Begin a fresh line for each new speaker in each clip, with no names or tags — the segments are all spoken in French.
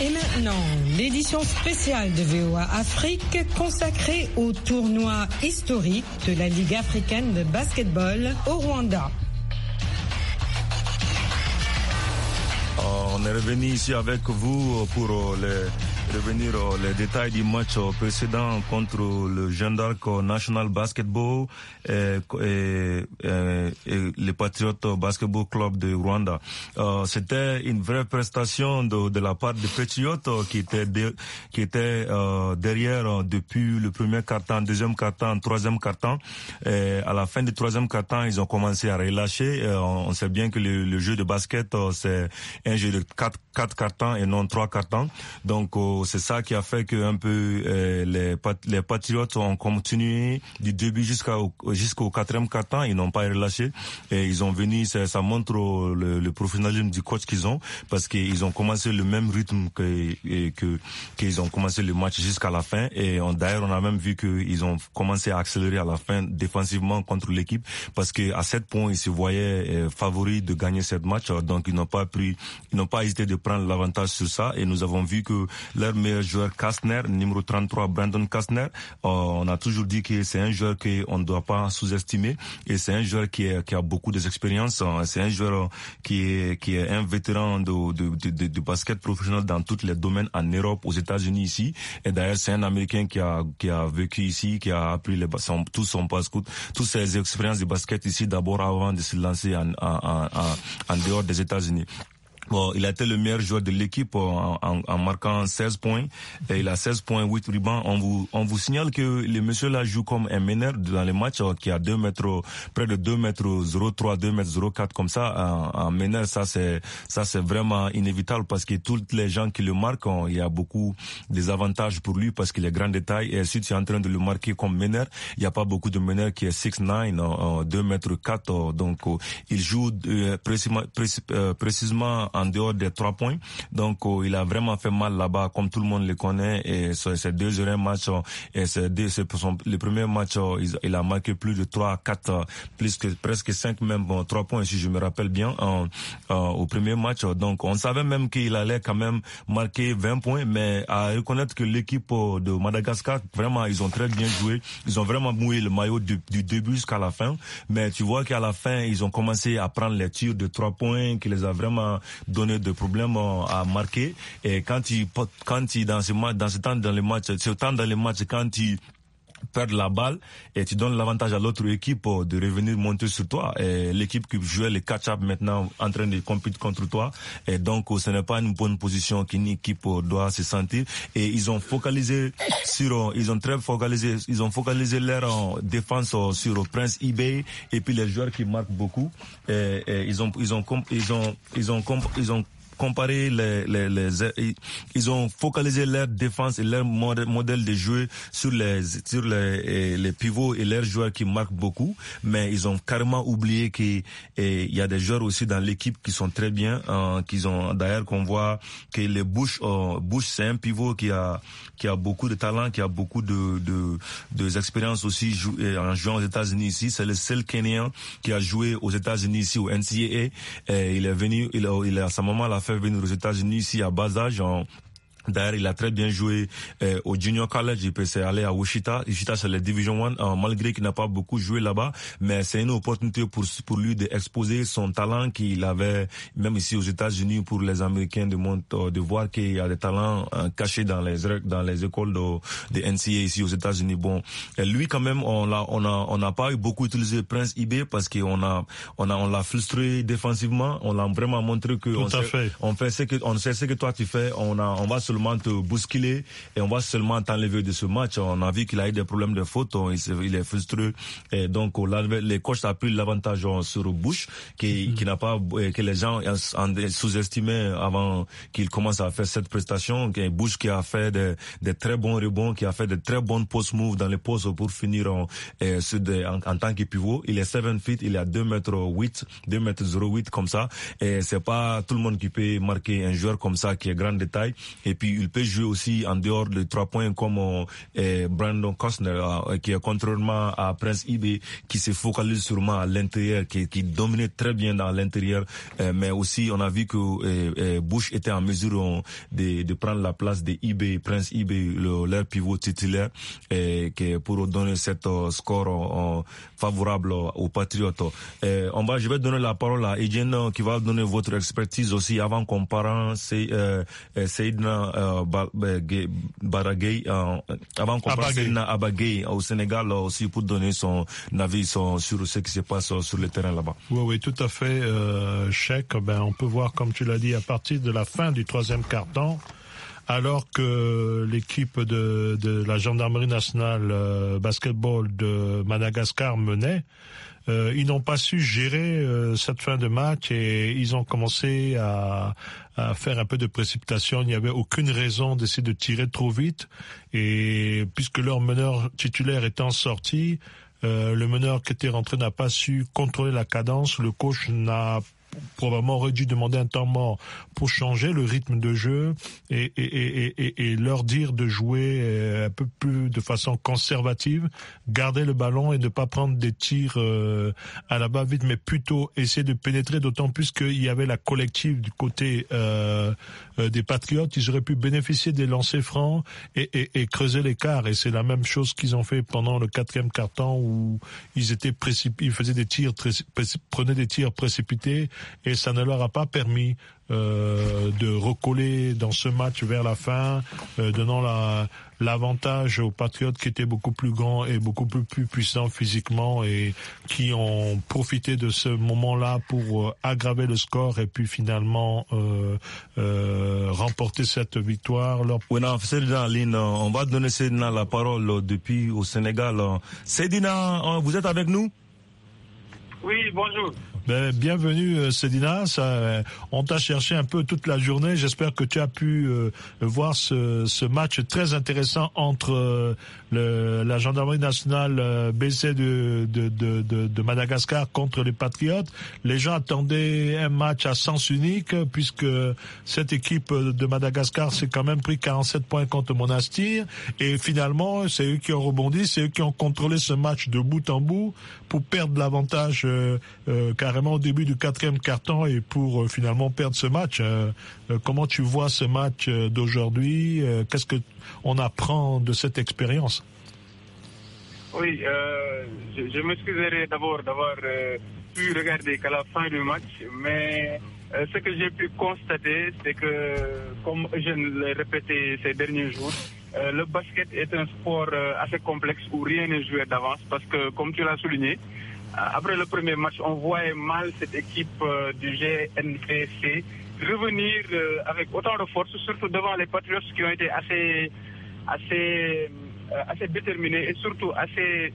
Et maintenant, l'édition spéciale de VOA Afrique consacrée au tournoi historique de la Ligue africaine de basketball au Rwanda.
Oh, on est revenu ici avec vous pour les revenir venir euh, les détails du match euh, précédent contre le jeune d'Arc euh, National Basketball et, et, et, les Patriotes Basketball Club de Rwanda. C'était une vraie prestation de, la part des Patriots qui était qui était derrière depuis le premier carton, deuxième carton, troisième carton. À la fin du troisième carton, ils ont commencé à relâcher. On, sait bien que le, jeu de basket c'est un jeu de quatre quatre cartons et non trois cartons. Donc c'est ça qui a fait que un peu euh, les, les patriotes ont continué du début jusqu'au jusqu'au quatrième quart-temps, ils n'ont pas relâché et ils ont venu ça, montre le, le, professionnalisme du coach qu'ils ont parce qu'ils ont commencé le même rythme que que qu'ils ont commencé le match jusqu'à la fin et d'ailleurs on a même vu qu'ils ont commencé à accélérer à la fin défensivement contre l'équipe parce que à 7 points ils se voyaient euh, favoris de gagner cette match donc ils n'ont pas pris ils n'ont pas hésité de prendre l'avantage sur ça et nous avons vu que leur meilleur, joueur Kastner, numéro 33 Brandon Kastner. Euh, on a toujours dit que c'est un joueur qu'on ne doit pas sous-estimer et c'est un joueur qui, a beaucoup d'expérience. Hein. C'est un joueur euh, qui est, qui est un vétéran de, de, de, basket professionnel dans tous les domaines en Europe, aux États-Unis ici. Et d'ailleurs, c'est un Américain qui a, qui a vécu ici, qui a appris les, son, tout son toutes ses expériences de basket ici d'abord avant de se lancer en, en, en dehors des États-Unis. Bon, il a été le meilleur joueur de l'équipe en, en, marquant 16 points. Et il a 16 points, 8 rubans. On vous, on vous signale que le monsieur là joue comme un meneur dans les matchs euh, qui a 2 mètres, près de 2 mètres 03, 2 mètres 04 comme ça. Un, meneur, ça c'est, ça c'est vraiment inévitable parce que toutes les gens qui le marquent, il y a beaucoup des avantages pour lui parce qu'il est grand détail. Et ensuite, tu es en train de le marquer comme meneur, il n'y a pas beaucoup de meneurs qui est 6'9, 2 euh, euh, mètres 4. Donc, il joue précisément, précisément en dehors des trois points. Donc euh, il a vraiment fait mal là-bas, comme tout le monde le connaît. Et ces deux derniers matchs, euh, et ces deux, son, le premier match, euh, il, a marqué plus de 3, 4, plus que presque 5, même bon, points si je me rappelle bien, en, au premier match. Donc on savait même qu'il allait quand même marquer 20 points, mais à reconnaître que l'équipe de Madagascar, vraiment, ils ont très bien joué. Ils ont vraiment mouillé le maillot du, du début jusqu'à la fin. Mais tu vois qu'à la fin, ils ont commencé à prendre les tirs de trois points qui les a vraiment donner de problèmes euh, à marquer. Et quand il, quand il, dans ce match, dans ce temps dans les matchs, ce temps dans les matchs, quand il perdre la balle et tu donnes l'avantage à l'autre équipe euh, de revenir monter sur toi. Et l'équipe qui jouait le catch-up maintenant en train de compter contre toi. Et donc, euh, ce n'est pas une bonne position qu'une équipe euh, doit se sentir. Et ils ont focalisé sur, ils ont très focalisé, ils ont focalisé leur défense sur le Prince eBay et puis les joueurs qui marquent beaucoup. Et, ils ont, ils ont, ils ont, ils ont, ils ont, ils ont, ils ont comparer les, les, ils ont focalisé leur défense et leur modèle de jeu sur les sur les, les pivots et leurs joueurs qui marquent beaucoup, mais ils ont carrément oublié qu'il y a des joueurs aussi dans l'équipe qui sont très bien, qu'ils ont d'ailleurs qu'on voit que les Bush oh, Bush c'est un pivot qui a qui a beaucoup de talent, qui a beaucoup de de, expériences aussi joué en jouant aux États-Unis ici, c'est le seul Kenyan qui a joué aux États-Unis ici au NCAA, et il est venu il est il à sa maman là fait venir aux États-Unis ici à bas âge en D'ailleurs, il a très bien joué euh, au Junior College. Il peut aller à Wichita. Wichita, c'est la Division One, euh, malgré qu'il n'a pas beaucoup joué là-bas. Mais c'est une opportunité pour pour lui d'exposer son talent qu'il avait, même ici aux États-Unis, pour les Américains de mont euh, de voir qu'il y a des talents cachés dans les dans les écoles de, de NCA ici aux États-Unis. Bon, Et lui quand même, on l'a on a on n'a pas eu beaucoup utilisé Prince IB parce qu'on a on a on l'a frustré défensivement. On l'a vraiment montré que on, sait, fait. on fait ce que on sait ce que toi tu fais. On a on va se seulement te bousculer et on va seulement t'enlever de ce match. On a vu qu'il a eu des problèmes de faute, il, est frustré. Et donc, les coachs a pris l'avantage sur Bush, qui, qui n'a pas, euh, que les gens ont sous-estimé avant qu'il commence à faire cette prestation. Bush qui a fait des, très bons rebonds, qui a fait des très bons post-moves dans les postes pour finir en, en, tant que pivot. Il est 7 feet, il a à 2 mètres 8, 2 mètres 08 comme ça. Et c'est pas tout le monde qui peut marquer un joueur comme ça qui est grand détail. Et puis, il peut jouer aussi en dehors des trois points comme euh, Brandon Costner, euh, qui est contrairement à Prince Ibe, qui se focalise sûrement à l'intérieur, qui, qui dominait très bien dans l'intérieur, euh, mais aussi on a vu que Bush était en mesure de, de prendre la place de Ibe, Prince Ibe, le, leur pivot titulaire, et que pour donner cet score favorable aux Patriotes. on va, je vais donner la parole à Etienne qui va donner votre expertise aussi avant comparant Seydna euh, Baragay, euh, avant à Abagay euh, au Sénégal aussi pour donner son avis sur ce qui se passe sur le terrain là-bas.
Oui, oui, tout à fait. Euh, Chèque, ben, on peut voir, comme tu l'as dit, à partir de la fin du troisième quart-temps, alors que l'équipe de, la gendarmerie nationale basketball de Madagascar menait, euh, ils n'ont pas su gérer euh, cette fin de match et ils ont commencé à, faire un peu de précipitation. Il n'y avait aucune raison d'essayer de tirer trop vite. Et puisque leur meneur titulaire était sorti euh, le meneur qui était rentré n'a pas su contrôler la cadence. Le coach n'a probablement aurait dû demander un temps mort pour changer le rythme de jeu et, et, et, et, leur dire de jouer euh, un peu plus de façon conservative, garder le ballon et ne pas prendre des tirs euh, à la bas vite, mais plutôt essayer de pénétrer, d'autant plus qu'il y avait la collective du côté euh, euh des Patriotes. Ils auraient pu bénéficier des lancers francs et, creuser l'écart. Et c'est la même chose qu'ils ont fait pendant le quatrième quart-temps où ils étaient ils faisaient des tirs, prenaient des tirs précipités et ça ne leur a pas permis euh, de recoller dans ce match vers la fin, euh, donnant l'avantage aux Patriotes qui étaient beaucoup plus grands et beaucoup plus, puissants physiquement et qui ont profité de ce moment-là pour euh, aggraver le score et puis finalement euh, remporter cette victoire.
Oui, non, Cédina, on va donner Cédina la parole depuis au Sénégal.
Cédina, vous êtes avec nous?
Oui, bonjour.
Ben, bienvenue euh, Cédina, euh, on t'a cherché un peu toute la journée. J'espère que tu as pu euh, voir ce, match très intéressant entre le, la gendarmerie nationale euh, BC de, Madagascar contre les Patriotes. Les gens attendaient un match à sens unique puisque cette équipe de Madagascar s'est quand même pris 47 points contre Monastir et finalement c'est eux qui ont rebondi, c'est eux qui ont contrôlé ce match de bout en bout pour perdre l'avantage euh, euh, carrément au début du quatrième carton et pour finalement perdre ce match. comment tu vois ce match d'aujourd'hui Qu'est-ce que on apprend de cette expérience
oui, euh, je, m'excuserai d'abord d'avoir euh, pu regarder qu'à la fin du match, mais euh, ce que j'ai pu constater, c'est que, comme je l'ai répété ces derniers jours, euh, le basket est un sport assez complexe où rien n'est joué d'avance parce que, comme tu l'as souligné, après le premier match, on voyait mal cette équipe du GNPC revenir avec autant de force, surtout devant les Patriots qui ont été assez, assez euh, assez déterminé et surtout assez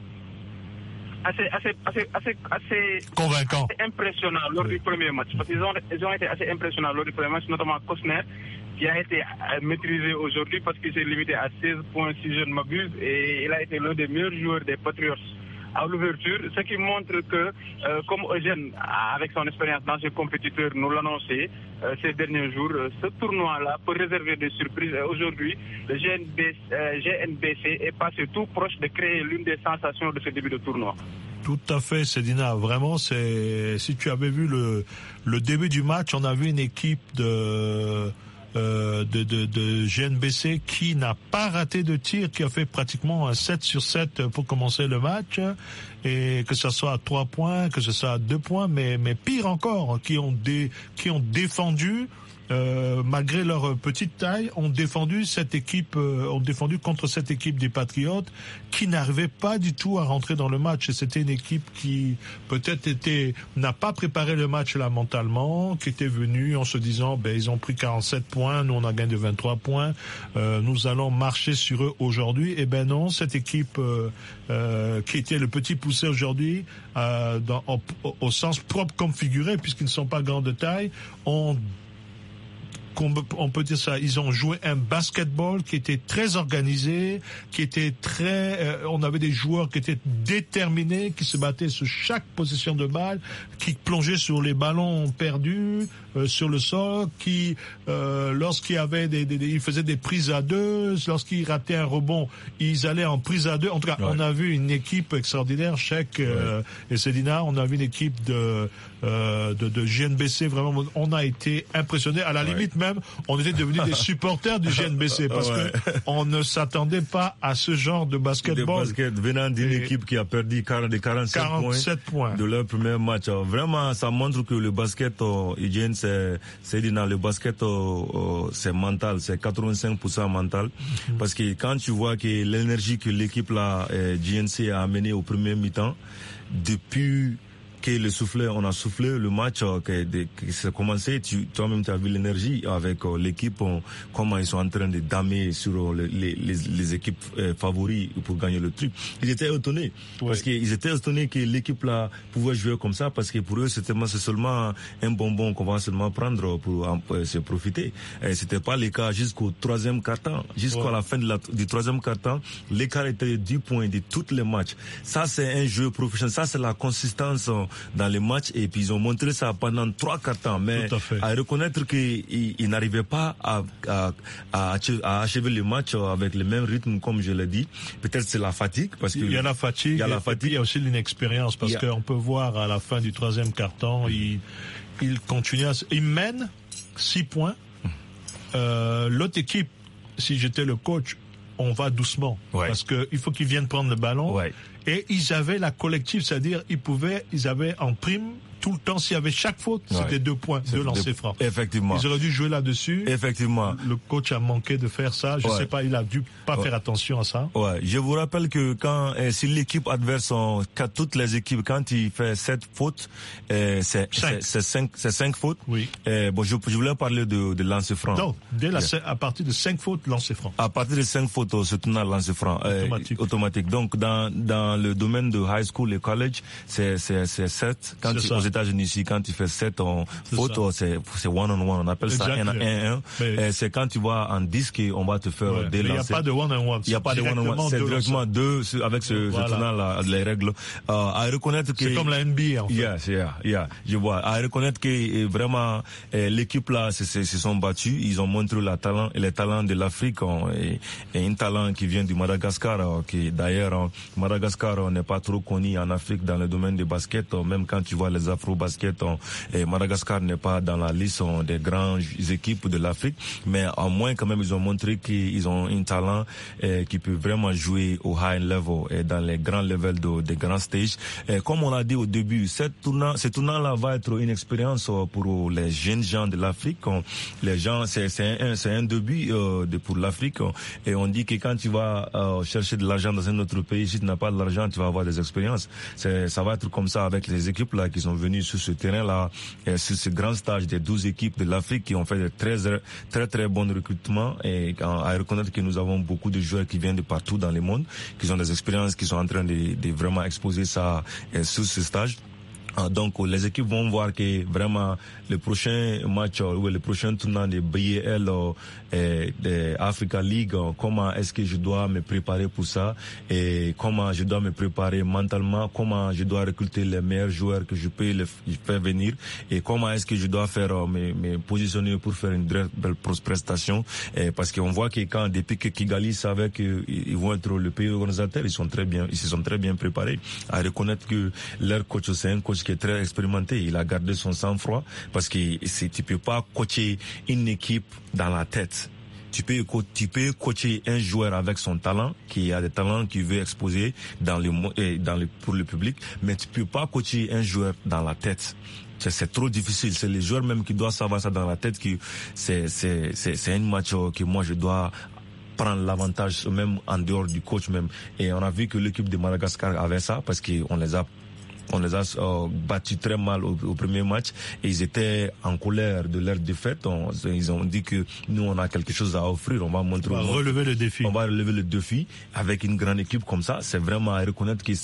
assez, assez, assez, assez, impressionnant lors du premier match. Parce qu'ils ont, ils ont été assez impressionnants lors du premier match, notamment Kosner, qui a été euh, maîtrisé aujourd'hui parce qu'il s'est limité à 16 points, si je ne m'abuse, et il a été l'un des meilleurs joueurs des Patriots à l'ouverture, ce qui montre que, euh, comme Eugène, avec son expérience dans ses compétiteurs, nous l'annonçait euh, ces derniers jours, euh, ce tournoi-là peut réserver des surprises. Aujourd'hui, le GNBC, GNBC est passé tout proche de créer l'une des sensations de ce début de tournoi.
Tout à fait, Sedina. Vraiment, c'est si tu avais vu le, le début du match, on a vu une équipe de euh, de, de, de, GNBC qui n'a pas raté de tir, qui a fait pratiquement un 7 sur 7 pour commencer le match, et que ce soit à trois points, que ce soit à deux points, mais, mais pire encore, qui ont, dé, qui ont défendu euh, malgré leur petite taille, ont défendu cette équipe, euh, ont défendu contre cette équipe des Patriotes qui n'arrivait pas du tout à rentrer dans le match. Et c'était une équipe qui peut-être était n'a pas préparé le match là mentalement, qui était venue en se disant ben ils ont pris 47 points, nous on a gagné 23 points, euh, nous allons marcher sur eux aujourd'hui. Et eh ben non, cette équipe qui était le petit poussé aujourd'hui au, sens propre configuré, puisqu'ils ne sont pas grands de taille ont on peut dire ça, ils ont joué un basketball qui était très organisé, qui était très, euh, on avait des joueurs qui étaient déterminés, qui se battaient sur chaque position de balle, qui plongeaient sur les ballons perdus, euh, sur le sol, qui, euh, lorsqu'il avait des, des, ils faisaient des prises à deux, lorsqu'ils rataient un rebond, ils allaient en prise à deux. En tout cas, on a vu une équipe extraordinaire, Cheikh euh, et Sedina, on a vu une équipe de, euh, de, de, GNBC. Vraiment, on a été impressionné À la limite même, on était devenu des supporters du GNBC parce que on ne s'attendait pas à ce genre de basket De basket venant
d'une équipe qui a perdu 40, 47, points, de leur premier match. Vraiment, ça montre que le basket, euh, hygiène, c'est, dans le basket, euh, c'est mental, c'est 85% mental. Mhm. Parce que quand tu vois que l'énergie que l'équipe la GNC a amené au premier mi-temps, depuis que le souffler on a soufflé le match qui, qui s'est commencé. Tu, toi-même, tu as vu l'énergie avec euh, l'équipe, euh, comment ils sont en train de damer sur euh, les, les, les équipes favoris pour gagner le truc. Ils étaient étonnés parce qu'ils étaient étonnés que l'équipe là pouvait jouer comme ça parce que pour eux, c'était seulement un bonbon qu'on va seulement prendre pour se profiter. Et c'était pas le cas jusqu'au troisième temps jusqu'à la fin de la, du troisième quart-temps L'écart était du point de tous les matchs. Ça, c'est un jeu professionnel. Ça, c'est la consistance dans les matchs et puis ils ont montré ça pendant trois quarts temps Mais à, reconnaître qu'ils n'arrivaient pas à, à, à, achever les matchs avec le même rythme comme je l'ai dit. Peut-être c'est la fatigue parce que il y a la
fatigue. Il y a la fatigue. Il y a aussi l'inexpérience parce qu'on peut voir à la fin du troisième carton, il il continue à, il mène six points. Euh, L'autre équipe, si j'étais le coach, on va doucement parce qu'il faut qu'ils viennent prendre le ballon. Ouais. Et ils avaient la collective, c'est-à-dire ils pouvaient, ils avaient en prime tout le temps, s'il y avait chaque faute, c'était deux points, de lancer franc. Effectivement. Ils auraient dû jouer là-dessus. Effectivement. Le coach a manqué de faire ça. Je sais pas, il a dû pas faire attention à ça.
Ouais. Je vous rappelle que quand, eh, si l'équipe adverse, quand toutes les équipes, quand il fait sept fautes, eh, c'est cinq. cinq, cinq fautes. Oui. Eh, bon, je, voulais parler de, de lancer franc. Donc, dès la,
à partir de cinq fautes, lancer franc.
À partir de cinq fautes, c'est se lancer franc. Eh, automatique. automatique. Donc, dans, dans le domaine de high school et college, c'est, c'est, sept. Quand tu, États-Unis, ici, quand tu fais 7 en photo, c'est one-on-one. On appelle ça 1-1-1. Hein. Euh, c'est quand tu vas en disque, on va te faire ouais. des Il n'y a pas de one-on-one. Il n'y a pas de one-on-one. C'est directement deux avec ce, voilà. ce tournant-là, les règles. Euh, à reconnaître que... C'est comme
la NBA, en fait. Yes, yeah,
yeah. Je vois. À reconnaître que euh, vraiment, euh, l'équipe-là se sont battus. Ils ont montré la talent, les talents de l'Afrique. Hein, et, un talent qui vient du Madagascar, hein, qui d'ailleurs, Madagascar n'est pas trop connu en Afrique dans le domaine du basket, même quand tu vois les l'Afro-Basket, eh, Madagascar n'est pas dans la liste hein, des grandes équipes de l'Afrique, mais au moins quand même, ils ont montré qu'ils ont un talent eh, qui peut vraiment jouer au high level et eh, dans les grands levels de, des grands stages. Et comme on l'a dit au début, cette tournant, ce tournant-là va être une expérience euh, pour les jeunes gens de l'Afrique. Hein. Les gens, c'est un, un début euh, de, pour l'Afrique. Hein. Et on dit que quand tu vas euh, chercher de l'argent dans un autre pays, si tu n'as pas de l'argent, tu vas avoir des expériences. Ça va être comme ça avec les équipes là qui sont venues sur ce terrain-là, euh, sur ce grand stage des 12 équipes de l'Afrique qui ont fait de très, très, très bons recrutements et à, reconnaître que nous avons beaucoup de joueurs qui viennent de partout dans le monde, qui ont des expériences, qui sont en train de, de vraiment exposer ça euh, sur ce stage. Ah, donc les équipes vont voir que vraiment le prochain match euh, ou le prochain tournant de BL, ou euh, de Africa League, euh, comment est-ce que je dois me préparer pour ça et comment je dois me préparer mentalement, comment je dois recruter les meilleurs joueurs que je peux les faire venir et comment est-ce que je dois faire me, positionner pour faire une belle prestation et parce qu'on voit que quand depuis que Kigali savait ils vont être le pays organisateur, ils sont très bien, ils se sont très bien préparés à reconnaître que leur coach c'est un coach très expérimenté. Il a gardé son sang-froid parce que tu peux pas coacher une équipe dans la tête. Tu peux, tu peux coacher un joueur avec son talent, qui a des talents qu'il veut exposer dans le, eh, dans le, pour le public, mais tu peux pas coacher un joueur dans la tête c'est trop difficile. C'est les joueurs même qui doivent savoir ça dans la tête que c'est c'est c'est un match que moi je dois prendre l'avantage même en dehors du coach même. Et on a vu que l'équipe de Madagascar avait ça parce qu'on les a on les a euh, battus très mal au, premier match et ils étaient en colère de leur défaite. On, ils ont dit que nous, on a quelque chose à offrir. On va montrer. On va relever le défi. On va relever le défi avec une grande équipe comme ça. C'est vraiment à reconnaître qu'ils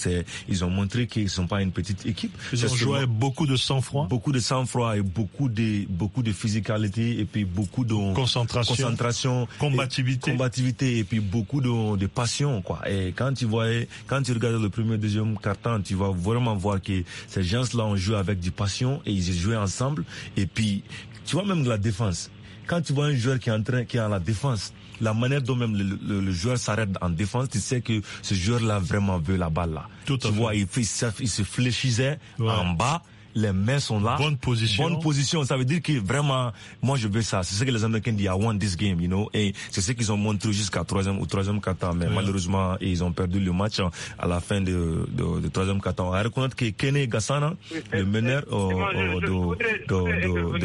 ils ont montré qu'ils sont pas une petite équipe. Ils ont joué beaucoup de sang-froid. Beaucoup de sang-froid et beaucoup de, beaucoup de physicalité et puis beaucoup de concentration, concentration combativité. Et, combativité et puis beaucoup de, de passion, quoi. Et quand tu voyais, quand tu regardes le premier, deuxième carton, tu vas vraiment voir que ces gens-là ont joué avec du passion et ils joué ensemble. Et puis, tu vois même de la défense. Quand tu vois un joueur qui est en train, qui est en la défense, la manière dont même le, joueur s'arrête en défense, tu sais que ce joueur-là vraiment veut la balle là. tu vois, il, il, se fléchissait en bas les mains sont là. Bonne position. Bonne position. Ça veut dire que vraiment, moi je veux ça. C'est ce que les Américains disent, I want this game, you know. Et c'est ce qu'ils ont montré jusqu'à troisième ou troisième quart Mais malheureusement, ils ont perdu le match hein, à la fin de, troisième quart temps. à reconnaître que Kenny Gassana, le meneur euh, euh, de,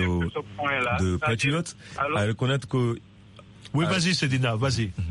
de, de, Patriot, à reconnaître que... Oui, vas-y,
ah. Sedina, vas-y. Mhm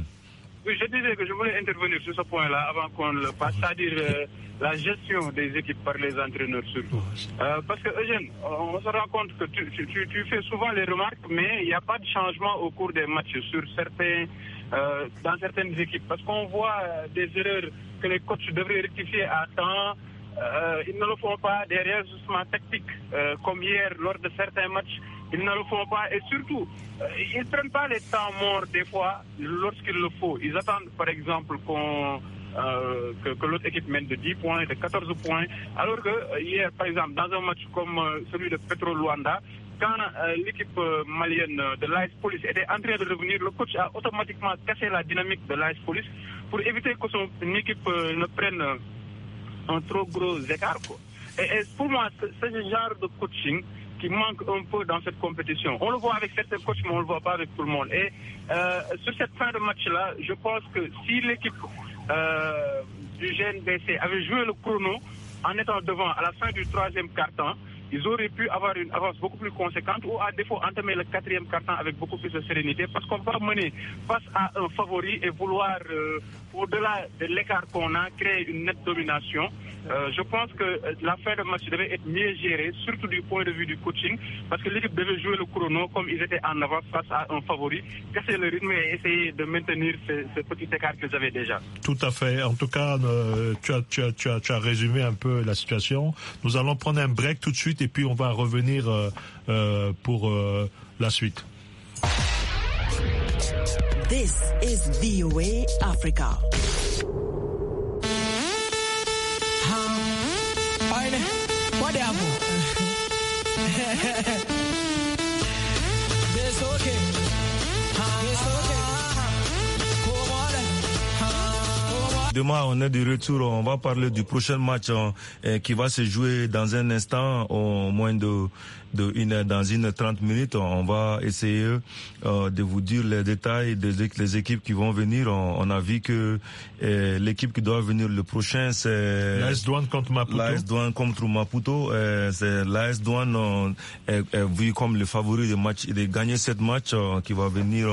je disais que je voulais intervenir sur ce point-là avant qu'on le passe, c'est-à-dire euh, la gestion des équipes par les entraîneurs surtout. Euh, parce que Eugène, on se rend compte que tu, fais souvent les remarques, mais il n'y a pas de changement au cours des matchs sur certains, euh, dans certaines équipes. Parce qu'on voit des erreurs que les coachs devraient rectifier à temps, euh, ils ne le font pas, des réajustements tactiques, euh, comme hier lors de certains matchs, ils ne le font pas. Et surtout, euh, ils ne prennent pas les temps morts des fois lorsqu'il le faut. Ils attendent, par exemple, que, l'autre équipe mène de 10 points, de 14 points. Alors que hier, par exemple, dans un match comme celui de Petro Luanda, quand l'équipe malienne de l'ICE Police était en train de revenir, le coach a automatiquement cassé la dynamique de l'ICE Police pour éviter que son équipe ne prenne un trop gros écart. Quoi. Et, pour moi, c'est ce genre de coaching qui manque un peu dans cette compétition. On le voit avec certains coachs, mais on ne le voit pas avec tout le monde. Et euh, sur cette fin de match-là, je pense que si l'équipe euh, du GNBC avait joué le chrono en étant devant à la fin du troisième quart-temps, ils auraient pu avoir une avance beaucoup plus conséquente ou à défaut entamer le quatrième carton avec beaucoup plus de sérénité parce qu'on va mener face à un favori et vouloir euh, au-delà de l'écart qu'on a, créer une nette domination. Euh, je pense que euh, l'affaire de match devait être mieux gérée, surtout du point de vue du coaching, parce que l'équipe devait jouer le chrono comme ils étaient en avance face à un favori, casser le rythme et essayer de maintenir ce, petit écart qu'ils avaient déjà.
Tout à fait. En tout cas, euh, tu, as, résumé un peu la situation. Nous allons prendre un break tout de suite et puis on va revenir pour la suite. This is Africa.
Demain, on est de retour. On va parler du prochain match hein, eh, qui va se jouer dans un instant, au moins de de une dans une 30 minutes, on va essayer euh, de vous dire les détails des équipes qui vont venir. On, a vu que euh, l'équipe qui doit venir le prochain, c'est l'AS Douane contre Maputo. L'AS Douane contre Maputo. Euh, c'est l'AS Douane euh, est, vu comme le favori de match, de gagner cette match euh, qui va venir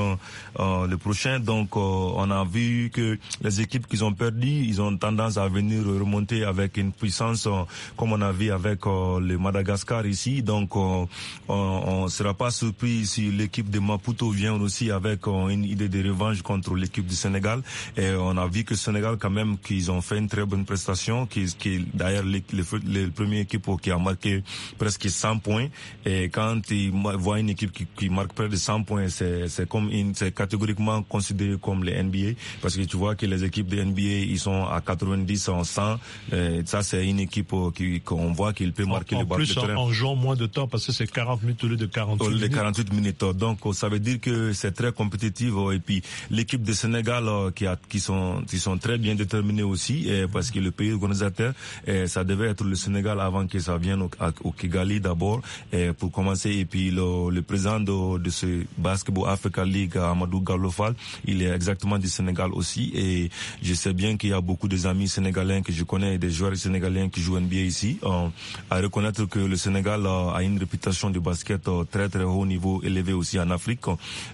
le prochain. Donc, on a vu que les équipes qui ont perdu, ils ont tendance à venir remonter avec une puissance comme on a vu avec le Madagascar ici. Donc euh, on ne sera pas surpris si l'équipe de Maputo vient aussi avec euh, une idée de revanche contre l'équipe du Sénégal. Et on a vu que le Sénégal, quand même, qu'ils ont fait une très bonne prestation, qui, qui d'ailleurs les, les, équipe équipes qui a marqué presque 100 points. Et quand ils voient une équipe qui, qui marque près de 100 points, c'est comme c'est catégoriquement considéré comme les NBA parce que tu vois que les équipes de NBA ils sont à 90 en 100. ça c'est une équipe euh, qu'on voit qu'il peut marquer en, plus, En
jouant moins de temps c'est 40 minutes au lieu de 48
minutes. Oh. Donc oh, ça veut dire que c'est très compétitif oh. et puis l'équipe de Sénégal qui a qui sont qui sont très bien déterminés aussi parce que le pays organisateur ça devait être le Sénégal avant que ça vienne au, Kigali d'abord pour commencer et puis le, le président de, de, ce Basketball Africa League Amadou Galofal il est exactement du Sénégal aussi et je sais bien qu'il y a beaucoup de amis sénégalais que je connais des joueurs sénégalais qui jouent NBA ici à reconnaître que le Sénégal a une réputation du basket euh, très très haut niveau élevé aussi en Afrique.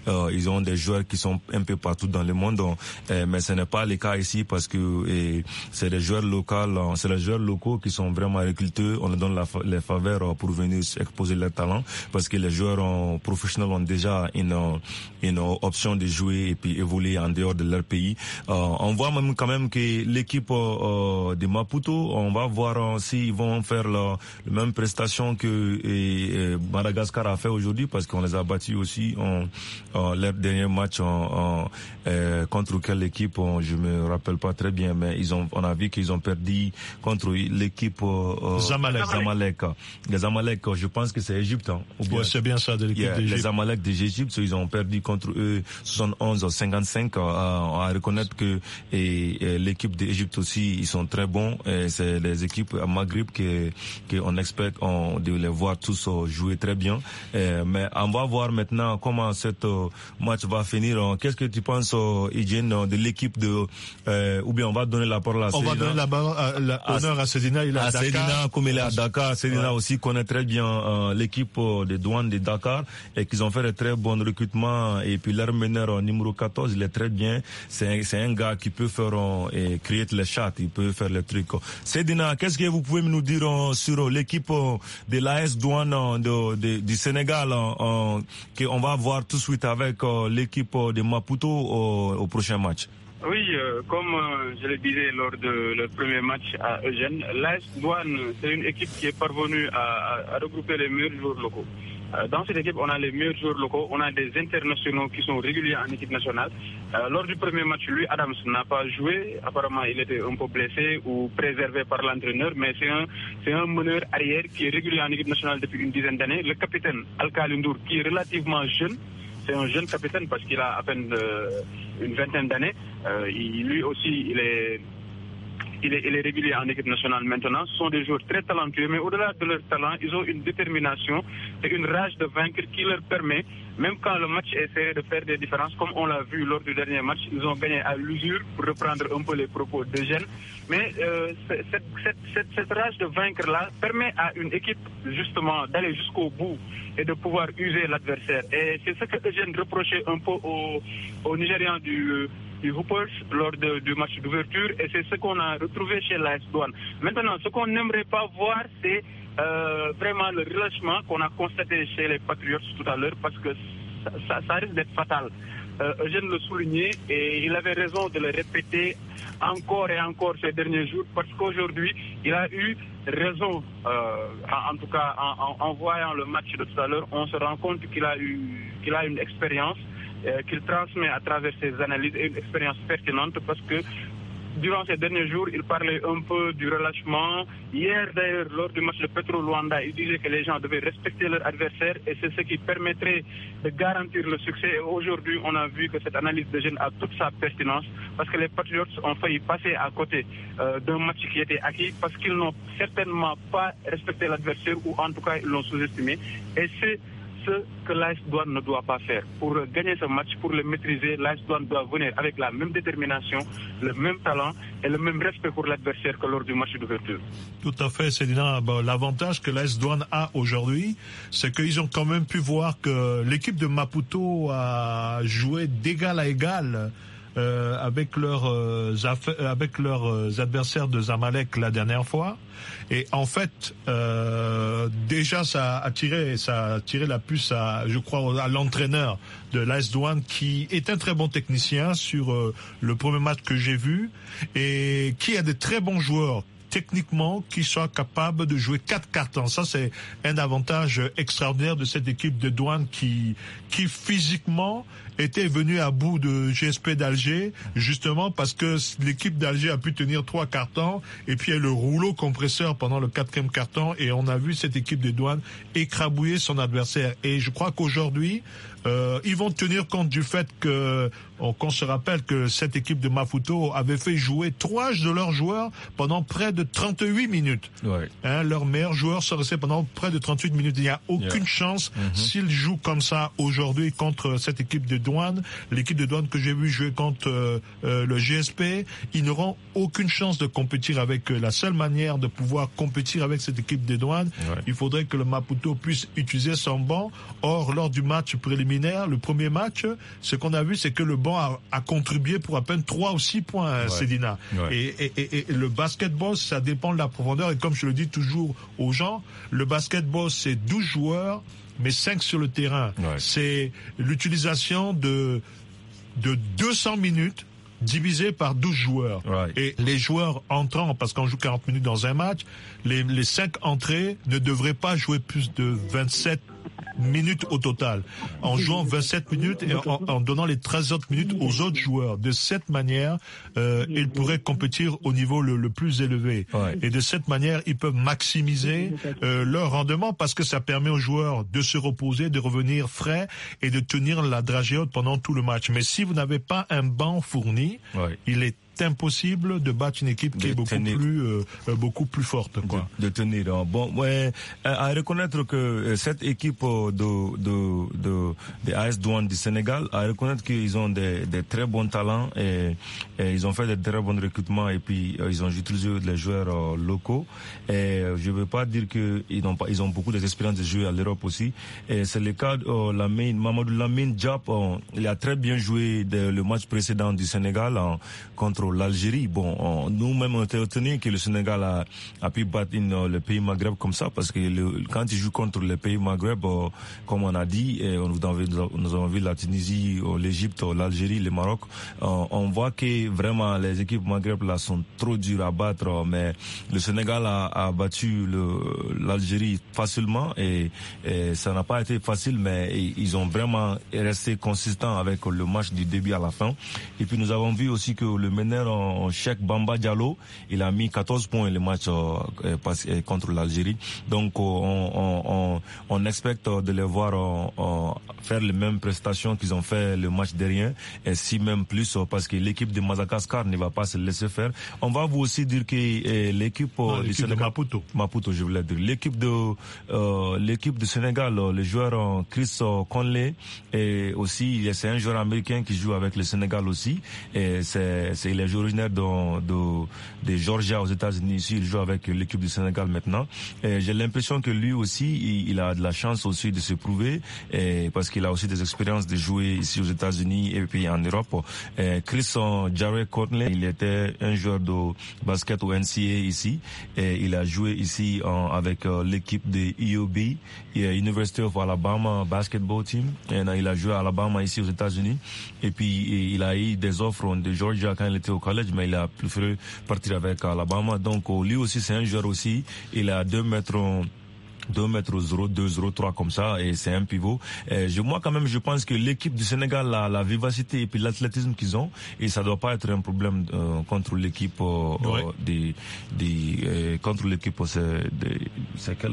Euh, ils ont des joueurs qui sont un peu partout dans le monde, euh, mais ce n'est pas le cas ici parce que c'est des joueurs locaux, c'est les joueurs locaux qui sont vraiment réculteux. On leur donne les faveurs pour venir exposer leurs talent parce que les joueurs professionnels ont déjà une, une option de jouer et puis évoluer en dehors de leur pays. on voit même quand même que l'équipe de Maputo, on va voir s'ils vont faire la, même prestation que euh, Madagascar a fait aujourd'hui parce qu'on les a battus aussi en, leur dernier match euh, contre quelle équipe je me rappelle pas très bien mais ils ont on a vu qu'ils ont perdu contre l'équipe euh, Zamalek. Zamalek. Les je pense que c'est Égypte. Hein, c'est
bien ça de l'équipe Les
Zamalek d'Égypte, ils ont perdu contre eux 71 55 à, à reconnaître que l'équipe d'Égypte aussi ils sont très bons c'est les équipes à Maghreb que qu'on espère on, de les voir tous euh, joué très bien. Euh, mais on va voir maintenant comment ce euh, match va finir. Qu'est-ce que tu penses, de l'équipe de... ou bien on va donner la parole à Cédina. On va donner
la parole à, à
comme il est Dakar. Sedina aussi connaît très bien l'équipe de douanes de Dakar et qu'ils ont fait de très bons recrutements. Et puis leur meneur numéro 14, il est très bien. C'est un, un gars qui peut faire et créer les chats, il peut faire les trucs. Sedina, qu'est-ce que vous pouvez nous dire sur l'équipe de l'AS Douane du Sénégal euh, qu'on va voir tout de suite avec euh, l'équipe euh, de Maputo au, prochain match
Oui, euh, comme je l'ai dit lors de le premier match à Eugène, l'AS Douane, c'est une équipe qui est parvenue à regrouper les meilleurs joueurs locaux. Euh, dans cette équipe, on a les meilleurs joueurs locaux, on a des internationaux qui sont réguliers en équipe nationale. Euh, lors du premier match, lui, Adams n'a pas joué. Apparemment, il était un peu blessé ou préservé par l'entraîneur, mais c'est un, c'est meneur arrière qui est régulier en équipe nationale depuis une dizaine d'années. Le capitaine Al-Khalindour, qui est relativement jeune, c'est un jeune capitaine parce qu'il a à peine euh, une vingtaine d'années. lui aussi, il est il est, il régulier en équipe nationale maintenant. Ce sont des joueurs très talentueux, mais au-delà de leur talent, ils ont une détermination et une rage de vaincre qui leur permet, même quand le match est de faire des différences. Comme on l'a vu lors du dernier match, ils ont gagné à l'usure, pour reprendre un peu les propos de Mais euh, cette, rage de vaincre-là permet à une équipe, justement, d'aller jusqu'au bout et de pouvoir user l'adversaire. Et c'est ce que Eugène reprochait un peu aux, au Nigérians du, du Hoopers lors du match d'ouverture et c'est ce qu'on a retrouvé chez l'AS Douane. Maintenant, ce qu'on n'aimerait pas voir, c'est euh, vraiment le relâchement qu'on a constaté chez les Patriots tout à l'heure parce que ça, ça, risque d'être fatal. Eugène le soulignait et il avait raison de le répéter encore et encore ces derniers jours parce qu'aujourd'hui, il a eu raison. Euh, en, tout cas, en, en, voyant le match de tout à l'heure, on se rend compte qu'il a, eu, qu'il a une expérience euh, qu'il transmet à travers ses analyses et une expérience pertinente parce que durant ces derniers jours, il parlait un peu du relâchement. Hier, d'ailleurs, lors du match de Petro-Luanda, il disait que les gens devaient respecter leur adversaire et c'est ce qui permettrait de garantir le succès. aujourd'hui, on a vu que cette analyse de jeunes a toute sa pertinence parce que les Patriots ont failli passer à côté euh, d'un match qui était acquis parce qu'ils n'ont certainement pas respecté l'adversaire ou en tout cas, ils l'ont sous-estimé. Et c'est ce que l'AS Douane ne doit pas faire. Pour gagner ce match, pour le maîtriser, l'AS Douane doit venir avec la même détermination, le même talent et le même respect pour l'adversaire que lors du match
d'ouverture. Tout à fait, Cédina. Bah, l'avantage que l'AS Douane a aujourd'hui, c'est qu'ils ont quand même pu voir que l'équipe de Maputo a joué d'égal à égal euh, avec leurs euh, euh, avec leurs adversaires de Zamalek la dernière fois. Et en fait, déjà ça a tiré ça a tiré la puce à je crois à l'entraîneur de l'AS Douane qui est un très bon technicien sur le premier match que j'ai vu et qui a des très bons joueurs techniquement qui sont capables de jouer quatre cartes. Ça, c'est un avantage extraordinaire de cette équipe de douane qui, qui physiquement était venu à bout de GSP d'Alger, justement parce que l'équipe d'Alger a pu tenir trois cartons et puis le rouleau compresseur pendant le quatrième carton et on a vu cette équipe des douanes écrabouiller son adversaire. Et je crois qu'aujourd'hui, euh, ils vont tenir compte du fait que oh, qu'on se rappelle que cette équipe de Maputo avait fait jouer trois de leurs joueurs pendant près de 38 minutes. Ouais. Hein, leurs meilleurs joueurs sont restés pendant près de 38 minutes. Il n'y a aucune chance mm-hmm. s'ils jouent comme ça aujourd'hui contre cette équipe de douane, l'équipe de douane que j'ai vu jouer contre euh, euh, le GSP, ils n'auront aucune chance de compétir avec eux. La seule manière de pouvoir compétir avec cette équipe de douane, il faudrait que le Maputo puisse utiliser son banc. Or, lors du match préliminaire le premier match, ce qu'on a vu, c'est que le banc a, contribué pour à peine 3 ou 6 points, à euh, Cédina. Et, et, et, le basketball, ça dépend de la profondeur. Et comme je le dis toujours aux gens, le basketball, c'est 12 joueurs, mais 5 sur le terrain. C'est l'utilisation de, de 200 minutes divisé par 12 joueurs. Et les joueurs entrants, parce qu'on joue 40 minutes dans un match, les, les 5 entrées ne devraient pas jouer plus de 27 minutes au total, en jouant 27 minutes et en, donnant les 13 autres minutes aux autres joueurs. De cette manière, euh, ils pourraient compétir au niveau le, le plus élevé. Et de cette manière, ils peuvent maximiser euh, leur rendement parce que ça permet aux joueurs de se reposer, de revenir frais et de tenir la dragée haute pendant tout le match. Mais si vous n'avez pas un banc fourni, oui. Il est impossible de battre une équipe qui est beaucoup plus, euh, euh, beaucoup plus forte. Quoi. De, tenir. Hein. Bon, ouais, euh, à, reconnaître que cette équipe
de, de, de, AS Douane du Sénégal, à reconnaître qu'ils ont des, très bons talents et, ils ont fait des très bons recrutements et puis ils ont utilisé les joueurs locaux. Et je veux pas dire que qu'ils ont, ils ont beaucoup d'expérience de jouer à l'Europe aussi. Et c'est le cas de Lamine, Mamadou Lamine Diop, il a très bien joué le match précédent du Sénégal hein, contre l'Algérie. Bon, nous-mêmes, on était étonnés que le Sénégal a, a pu battre euh, le pays Maghreb comme ça, parce que le, quand il joue contre le pays Maghreb, euh, comme on a dit, et on, nous, avons, nous avons vu la Tunisie, euh, l'Égypte, l'Algérie, le Maroc, on voit que vraiment les équipes Maghreb là sont trop dures à battre, mais le Sénégal a, a battu l'Algérie facilement et, ça n'a pas été facile, mais ils ont vraiment resté consistants avec le match du début à la fin. Et puis nous avons vu aussi que le mener en euh, chèque Bamba Diallo. Il a mis 14 points le match euh, euh, contre l'Algérie. Donc on, on, on, expecte de les voir faire les mêmes prestations qu'ils ont fait le match dernier, et si même plus, parce que l'équipe de Madagascar ne va pas se laisser faire. On va vous aussi dire que l'équipe de Maputo, Maputo, je voulais dire, l'équipe de Sénégal, le joueur Chris Conley, et aussi c'est un joueur américain qui joue avec le Sénégal aussi, et c'est originaire de, de, de Georgia aux États-Unis. il joue avec l'équipe du Sénégal maintenant. J'ai l'impression que lui aussi, il, a de la chance aussi de se prouver et parce qu'il a aussi des expériences de jouer ici aux États-Unis et puis en Europe. Chris Jared Courtney, il était un joueur de basket au NCA ici et il a joué ici avec euh, l'équipe de EOB, University of Alabama Basketball Team. Et euh, il a joué à Alabama ici aux États-Unis et puis il a eu des offres de Georgia quand il était au collège, mais il a préféré partir avec Alabama. Donc lui aussi, c'est un joueur aussi. Il a 2 mètres... 2 mètres 0, 2, 0, 3 comme ça, et c'est un pivot. Et je, moi, quand même, je pense que l'équipe du Sénégal a la vivacité et puis l'athlétisme qu'ils ont, et ça doit pas être un problème euh, contre l'équipe euh, euh des, euh, contre l'équipe c'est quel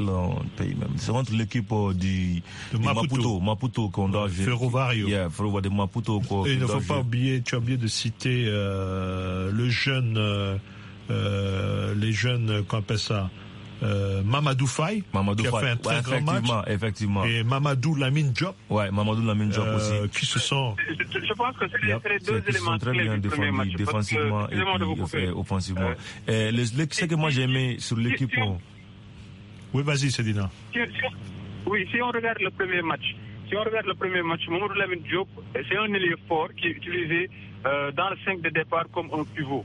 pays même C'est contre l'équipe du, Maputo, Maputo, qu'on doit Ferrovario. Yeah, Ferrovario de Maputo. il ne faut pas
oublier, tu as oublié de citer le jeune, les jeunes, qu'on ça euh, Mamadou Faye, Mamadou qui a fait un très grand effectivement, match. Effectivement. Et Mamadou Lamine Diop. Ouais, Mamadou Lamine Diop euh, aussi. Qui se sont. Je pense que c'est yep, les deux
éléments sont très bien défendus, défensivement et puis, euh, offensivement. Euh, euh le, ce que moi j'aimais
sur l'équipe. Si Oui, vas-y, Sedina.
Si, si, oui, si on regarde le premier match, si on regarde le premier match, Mamadou Lamine Diop, c'est un ailier fort qui est utilisé euh, dans le 5 de départ comme un pivot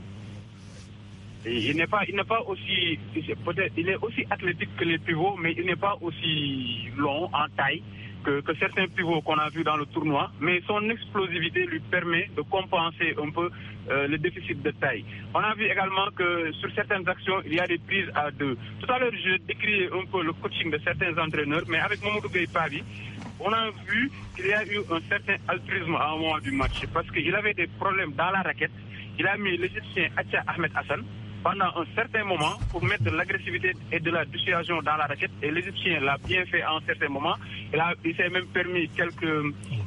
il n'est pas, il n'est pas aussi, peut-être, il est aussi athlétique que les pivots, mais il n'est pas aussi long en taille que, que certains pivots qu'on a vus dans le tournoi. Mais son explosivité lui permet de compenser un peu euh, le déficit de taille. On a vu également que sur certaines actions, il y a des prises à deux. Tout à l'heure, je décris un peu le coaching de certains entraîneurs, mais avec Mamoudou Gueye Paris, on a vu qu'il y a eu un certain altruisme à un moment du match parce qu'il avait des problèmes dans la raquette. Il a mis l'Égyptien Atia Ahmed Hassan pendant un certain moment pour mettre de l'agressivité et de la dissuasion dans la raquette. Et l'Égyptien l'a bien fait à un certain moment. Il, il s'est même permis quelques,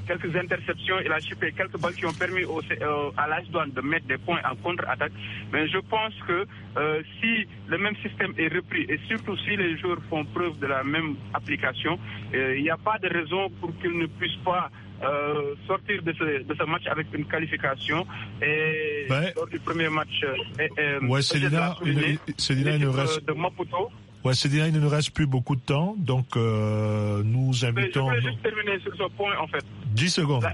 quelques interceptions. Il a chupé quelques balles qui ont permis euh, à l'Asdouane de mettre des points en contre-attaque. Mais je pense que euh, si le même système est repris et surtout si les joueurs font preuve de la même application, euh, il n'y a pas de raison pour qu'ils ne puissent pas euh, sortir de ce, de ce, match avec une qualification et ouais. lors du premier match. Euh, ouais, Célina, il, il reste. De Maputo.
Ouais, Célina, il ne nous reste plus beaucoup de temps, donc euh, nous invitons. je voulais juste
terminer sur ce point en fait. 10 secondes.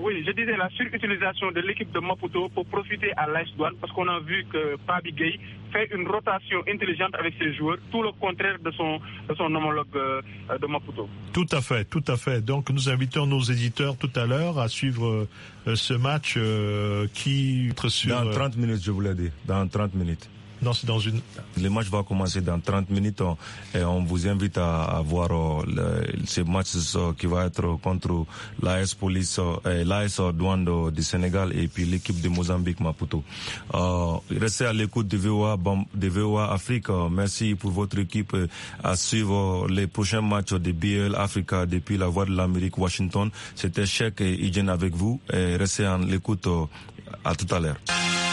Oui, je disais la surutilisation de l'équipe de Maputo pour profiter à l'AS Douane parce qu'on a vu que Pabi Gay fait une rotation intelligente avec ses joueurs, tout le contraire de son, son homologue euh, de Maputo.
Tout à fait, tout à fait. Donc nous invitons nos éditeurs tout à l'heure à suivre euh, ce match euh, qui... Dans
30 minutes, je vous l'ai dit, dans 30 minutes dans, dans une... Le match va commencer dans 30 minutes et on vous invite à, à voir euh, le, ce match euh, qui va être contre l'AS Police, oh, euh, l'AS du Sénégal et puis l'équipe de Mozambique Maputo. restez à l'écoute de VOA, de VOA Afrique. Merci pour votre équipe à suivre les prochains matchs de BL Africa depuis la voie de l'Amérique Washington. C'était Cheikh et avec vous. Et restez à l'écoute. À tout à l'heure.